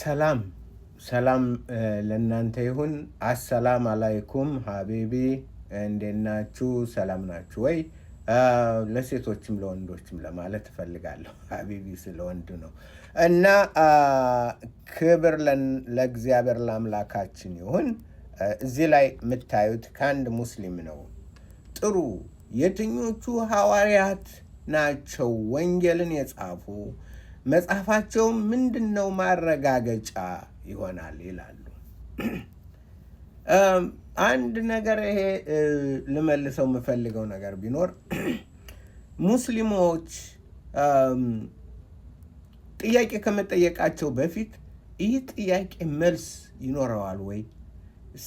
ሰላም ሰላም ለእናንተ ይሁን። አሰላም አላይኩም ሀቢቢ፣ እንዴት ናችሁ? ሰላም ናችሁ ወይ? ለሴቶችም ለወንዶችም ለማለት እፈልጋለሁ። ሀቢቢ ስለወንድ ነው እና ክብር ለእግዚአብሔር ለአምላካችን ይሁን። እዚህ ላይ የምታዩት ከአንድ ሙስሊም ነው። ጥሩ የትኞቹ ሐዋርያት ናቸው ወንጌልን የጻፉ መጽሐፋቸውም ምንድን ነው ማረጋገጫ ይሆናል ይላሉ። አንድ ነገር ይሄ ልመልሰው የምፈልገው ነገር ቢኖር ሙስሊሞች ጥያቄ ከመጠየቃቸው በፊት ይህ ጥያቄ መልስ ይኖረዋል ወይ?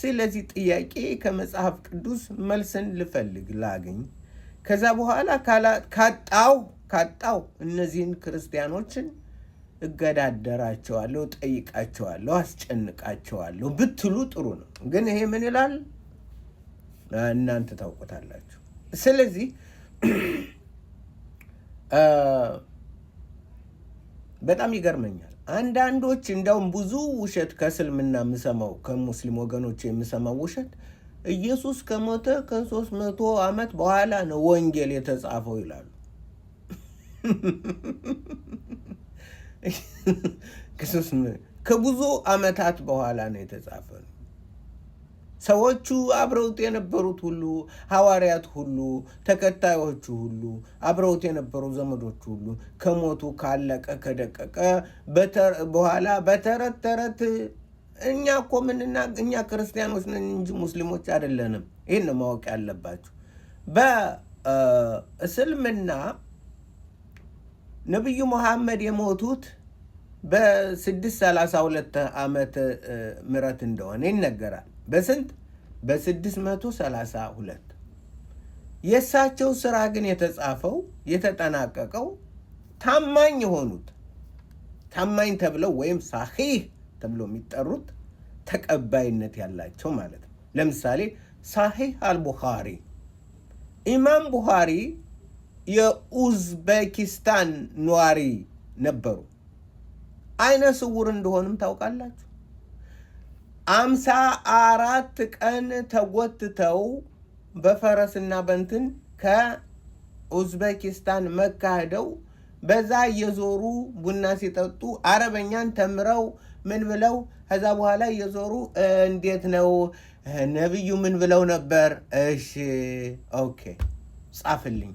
ስለዚህ ጥያቄ ከመጽሐፍ ቅዱስ መልስን ልፈልግ ላግኝ። ከዛ በኋላ ካጣው ካጣው እነዚህን ክርስቲያኖችን እገዳደራቸዋለሁ፣ ጠይቃቸዋለሁ፣ አስጨንቃቸዋለሁ ብትሉ ጥሩ ነው። ግን ይሄ ምን ይላል? እናንተ ታውቁታላችሁ። ስለዚህ በጣም ይገርመኛል። አንዳንዶች እንደውም ብዙ ውሸት ከእስልምና የምሰማው ከሙስሊም ወገኖች የምሰማው ውሸት ኢየሱስ ከሞተ ከሶስት መቶ ዓመት በኋላ ነው ወንጌል የተጻፈው ይላሉ። ከብዙ ዓመታት በኋላ ነው የተጻፈ። ሰዎቹ አብረውት የነበሩት ሁሉ ሐዋርያት ሁሉ ተከታዮቹ ሁሉ አብረውት የነበሩ ዘመዶቹ ሁሉ ከሞቱ ካለቀ ከደቀቀ በኋላ በተረት ተረት እኛ እኮ ምንና እኛ ክርስቲያኖች ነን እንጂ ሙስሊሞች አይደለንም። ይህን ማወቅ ያለባችሁ በእስልምና ነቢዩ መሐመድ የሞቱት በ632 ዓመተ ምህረት እንደሆነ ይነገራል። በስንት? በ632 የእሳቸው ስራ ግን የተጻፈው የተጠናቀቀው ታማኝ የሆኑት ታማኝ ተብለው ወይም ሳሂህ ተብለው የሚጠሩት ተቀባይነት ያላቸው ማለት ነው። ለምሳሌ ሳሂህ አልቡኻሪ ኢማም ቡኻሪ የኡዝቤኪስታን ነዋሪ ነበሩ። አይነ ስውር እንደሆንም ታውቃላችሁ። አምሳ አራት ቀን ተጎትተው በፈረስና በንትን ከኡዝቤኪስታን መካ ሄደው በዛ እየዞሩ ቡና ሲጠጡ አረበኛን ተምረው ምን ብለው ከዛ በኋላ እየዞሩ እንዴት ነው ነቢዩ ምን ብለው ነበር? እሺ ኦኬ ጻፍልኝ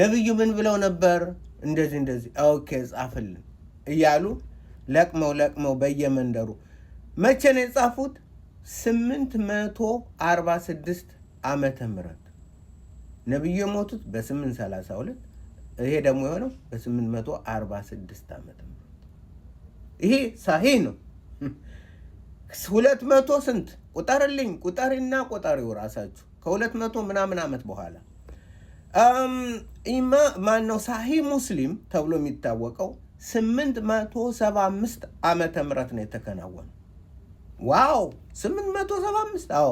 ነቢዩ ምን ብለው ነበር? እንደዚህ እንደዚህ ኦኬ ጻፍልን እያሉ ለቅመው ለቅመው በየመንደሩ መቼ ነው የጻፉት? 846 ዓመተ ምህረት ነቢዩ የሞቱት በ832 ይሄ ደግሞ የሆነው በ846 ዓመተ ምህረት ይሄ ሳሂ ነው። ሁለት መቶ ስንት ቁጠርልኝ፣ ቁጠሪና ቁጠሪው ራሳችሁ ከሁለት መቶ ምናምን ዓመት በኋላ Um, ማነው ሳሂህ ሙስሊም ተብሎ የሚታወቀው 875 ዓመተ ምህረት ነው የተከናወነው። ዋው 875 አዎ።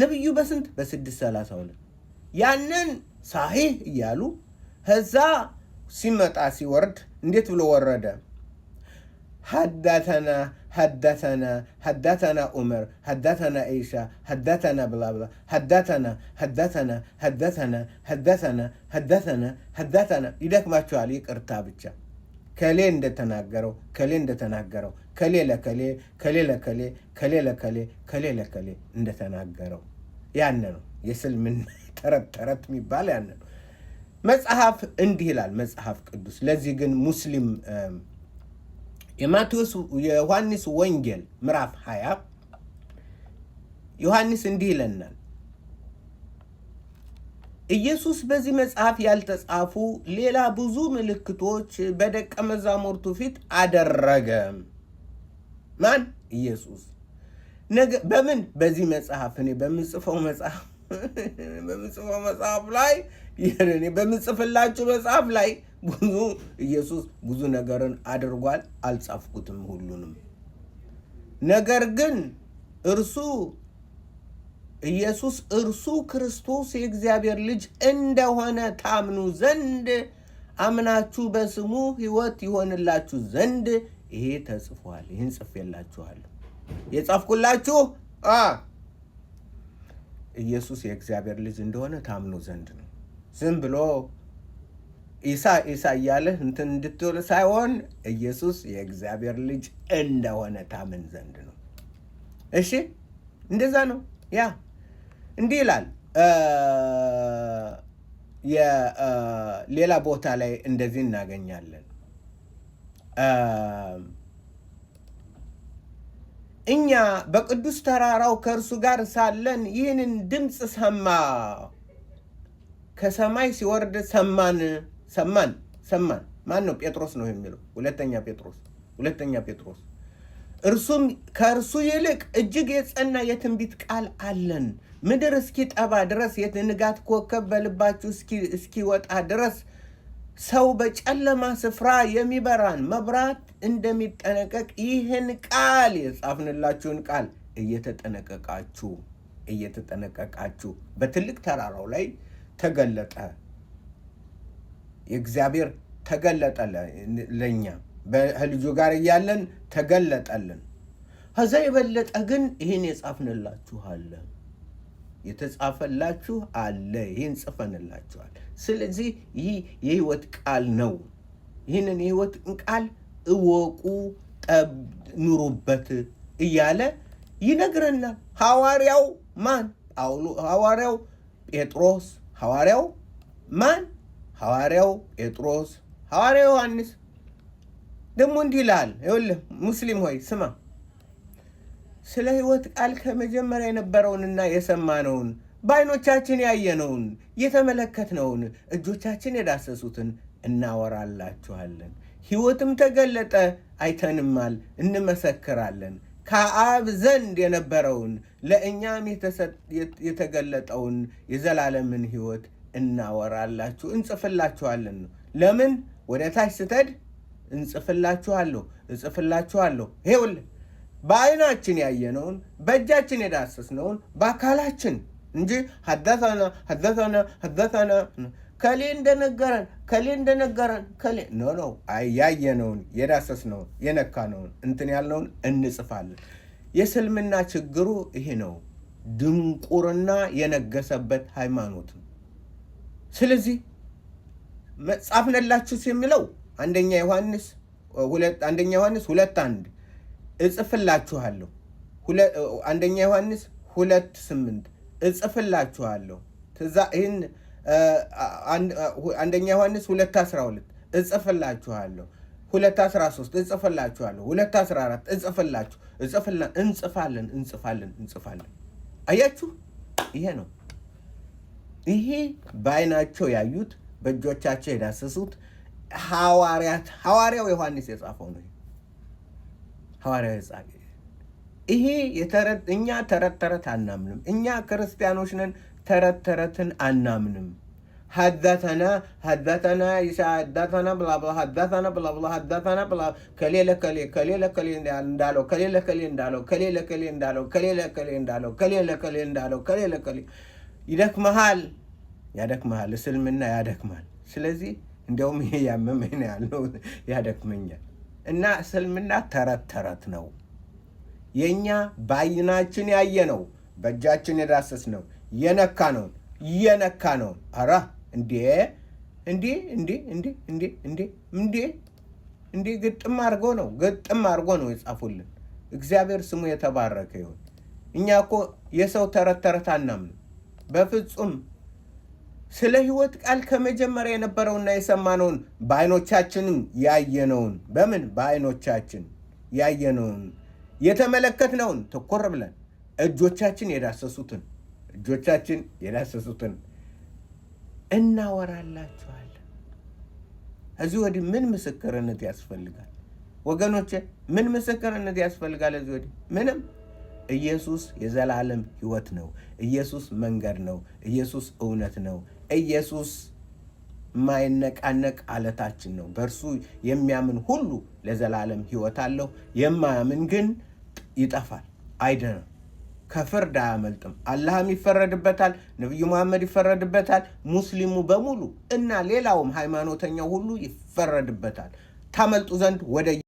ነቢዩ በስንት በ632 ያንን ሳሂህ እያሉ ከዛ ሲመጣ ሲወርድ እንዴት ብሎ ወረደ? ሀዳተና ሀዳተና ሀዳተና ዑመር ሀዳተና ኢሳ ሀዳተና ብላብላ ሀዳተና ሀዳተና ሀዳተና ሀዳተና ሀዳተና ሀዳተና ይደክማችኋል። ይቅርታ ብቻ ከሌ እንደተናገረው ከሌ እንደተናገረው ከሌ ለከሌ ከሌ ለከሌ ከሌ ለከሌ ከሌ ለከሌ እንደተናገረው ያነ ነው የስልምና ተረት ተረት የሚባል ያነ ነው። መጽሐፍ እንዲህ ይላል መጽሐፍ ቅዱስ። ለዚህ ግን ሙስሊም የማቴዎስ የዮሐንስ ወንጌል ምዕራፍ 20 ዮሐንስ እንዲህ ይለናል። ኢየሱስ በዚህ መጽሐፍ ያልተጻፉ ሌላ ብዙ ምልክቶች በደቀ መዛሙርቱ ፊት አደረገ። ማን? ኢየሱስ። በምን? በዚህ መጽሐፍ እኔ በምጽፈው መጽሐፍ በምጽፈው መጽሐፍ ላይ በምጽፍላችሁ መጽሐፍ ላይ ብዙ ኢየሱስ ብዙ ነገርን አድርጓል። አልጻፍኩትም ሁሉንም። ነገር ግን እርሱ ኢየሱስ እርሱ ክርስቶስ የእግዚአብሔር ልጅ እንደሆነ ታምኑ ዘንድ አምናችሁ በስሙ ሕይወት ይሆንላችሁ ዘንድ ይሄ ተጽፏል። ይህን ጽፌላችኋለሁ። የጻፍኩላችሁ ኢየሱስ የእግዚአብሔር ልጅ እንደሆነ ታምኑ ዘንድ ነው። ዝም ብሎ ኢሳ ኢሳ እያለ እንትን እንድትል ሳይሆን ኢየሱስ የእግዚአብሔር ልጅ እንደሆነ ታምን ዘንድ ነው። እሺ እንደዛ ነው። ያ እንዲህ ይላል። ሌላ ቦታ ላይ እንደዚህ እናገኛለን። እኛ በቅዱስ ተራራው ከእርሱ ጋር ሳለን ይህንን ድምፅ ሰማ ከሰማይ ሲወርድ ሰማን ሰማን ሰማን። ማን ነው? ጴጥሮስ ነው የሚለው ሁለተኛ ጴጥሮስ ሁለተኛ ጴጥሮስ። እርሱም ከእርሱ ይልቅ እጅግ የጸና የትንቢት ቃል አለን ምድር እስኪጠባ ድረስ የንጋት ኮከብ በልባችሁ እስኪወጣ ድረስ ሰው በጨለማ ስፍራ የሚበራን መብራት እንደሚጠነቀቅ ይህን ቃል የጻፍንላችሁን ቃል እየተጠነቀቃችሁ እየተጠነቀቃችሁ በትልቅ ተራራው ላይ ተገለጠ። የእግዚአብሔር ተገለጠ ለእኛ ከልጁ ጋር እያለን ተገለጠልን። ከዛ የበለጠ ግን ይህን የጻፍንላችኋለ የተጻፈላችሁ አለ። ይህን ጽፈንላችኋል። ስለዚህ ይህ የህይወት ቃል ነው። ይህንን የህይወትን ቃል እወቁ፣ ኑሩበት እያለ ይነግረናል። ሐዋርያው ማን? ሐዋርያው ጴጥሮስ ሐዋርያው ማን? ሐዋርያው ጴጥሮስ፣ ሐዋርያው ዮሐንስ። ደግሞ እንዲህ ይልሃል፣ ይኸውልህ ሙስሊም ሆይ ስማ፣ ስለ ሕይወት ቃል ከመጀመሪያ የነበረውንና የሰማነውን በዓይኖቻችን ያየነውን የተመለከትነውን እጆቻችን የዳሰሱትን እናወራላችኋለን። ሕይወትም ተገለጠ፣ አይተንማል፣ እንመሰክራለን። ከአብ ዘንድ የነበረውን ለእኛም የተገለጠውን የዘላለምን ሕይወት እናወራላችሁ እንጽፍላችኋለን ነው። ለምን ወደ ታች ስተድ እንጽፍላችኋለሁ እጽፍላችኋለሁ። ይኸውልህ በአይናችን ያየነውን በእጃችን የዳሰስነውን በአካላችን እንጂ ሐደሰነ ሐደሰነ ሐደሰነ ከሌ እንደነገረን ከሌ እንደነገረን ከሌ ኖ ኖ ያየነውን የዳሰስነውን የነካነውን እንትን ያልነውን እንጽፋለን። የእስልምና ችግሩ ይሄ ነው። ድንቁርና የነገሰበት ሃይማኖት ነው። ስለዚህ ጻፍንላችሁስ የሚለው አንደኛ ዮሐንስ አንደኛ ዮሐንስ ሁለት አንድ እጽፍላችኋለሁ አንደኛ ዮሐንስ ሁለት ስምንት እጽፍላችኋለሁ ትዛ ይህን አንደኛ ዮሐንስ ሁለት አስራ ሁለት እጽፍላችኋለሁ ሁለት አስራ ሶስት እጽፍላችኋለሁ ሁለት አስራ አራት እጽፍላችሁ እንጽፋለን እንጽፋለን እንጽፋለን። አያችሁ፣ ይሄ ነው ይሄ በአይናቸው ያዩት በእጆቻቸው የዳሰሱት ሐዋርያት ሐዋርያው ዮሐንስ የጻፈው ነው። ሐዋርያው የጻፈው ይሄ እኛ ተረት ተረት አናምንም። እኛ ክርስቲያኖች ነን። ተረት ተረትን አናምንም። ሀዳተና ሀዳተና ኢሳ ሀዳተና ብላብላ ሀዳተና ብላብላ ሀዳተና ብላ ከሌ ለከሌ ከሌ ለከሌ እንዳለው ከሌ ለከሌ እንዳለው ከሌ ለከሌ እንዳለው ከሌ ለከሌ እንዳለው ከሌ ለከሌ እንዳለው ከሌ ለከሌ ይደክመሃል፣ ያደክመሃል። እስልምና ያደክማል። ስለዚህ እንዲያውም ይሄ ያመመኝ ያለው ያደክመኛል። እና እስልምና ተረት ተረት ነው። የእኛ በዓይናችን ያየ ነው፣ በእጃችን የዳሰስ ነው የነካ ነውን የነካ ነውን አራ እንዴ እንዴ እንዴ እንዴ እንዴ እንዴ እንዴ እንዴ ግጥም አድርጎ ነው ግጥም አድርጎ ነው የጻፉልን። እግዚአብሔር ስሙ የተባረከ ይሁን። እኛ እኮ የሰው ተረት ተረት አናምንም በፍጹም። ስለ ህይወት ቃል ከመጀመሪያ የነበረውና የሰማነውን በአይኖቻችን ያየነውን በምን በአይኖቻችን ያየነውን የተመለከትነውን ትኩር ብለን እጆቻችን የዳሰሱትን እጆቻችን የዳሰሱትን እናወራላችኋለን። እዚህ ወዲህ ምን ምስክርነት ያስፈልጋል? ወገኖች ምን ምስክርነት ያስፈልጋል? እዚህ ወዲህ ምንም። ኢየሱስ የዘላለም ሕይወት ነው። ኢየሱስ መንገድ ነው። ኢየሱስ እውነት ነው። ኢየሱስ የማይነቃነቅ አለታችን ነው። በእርሱ የሚያምን ሁሉ ለዘላለም ሕይወት አለው። የማያምን ግን ይጠፋል፣ አይድንም። ከፍርድ አያመልጥም። አላህም ይፈረድበታል፣ ነቢዩ መሐመድ ይፈረድበታል፣ ሙስሊሙ በሙሉ እና ሌላውም ሃይማኖተኛው ሁሉ ይፈረድበታል። ታመልጡ ዘንድ ወደ